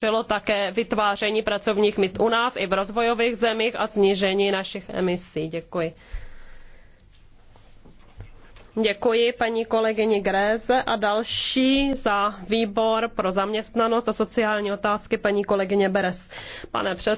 bylo také vytváření pracovních míst u nás i v rozvojových zemích a snížení našich emisí. Děkuji. Děkuji paní kolegyni Gréze a další za výbor pro zaměstnanost a sociální otázky paní kolegyně Beres. Pane předsedo,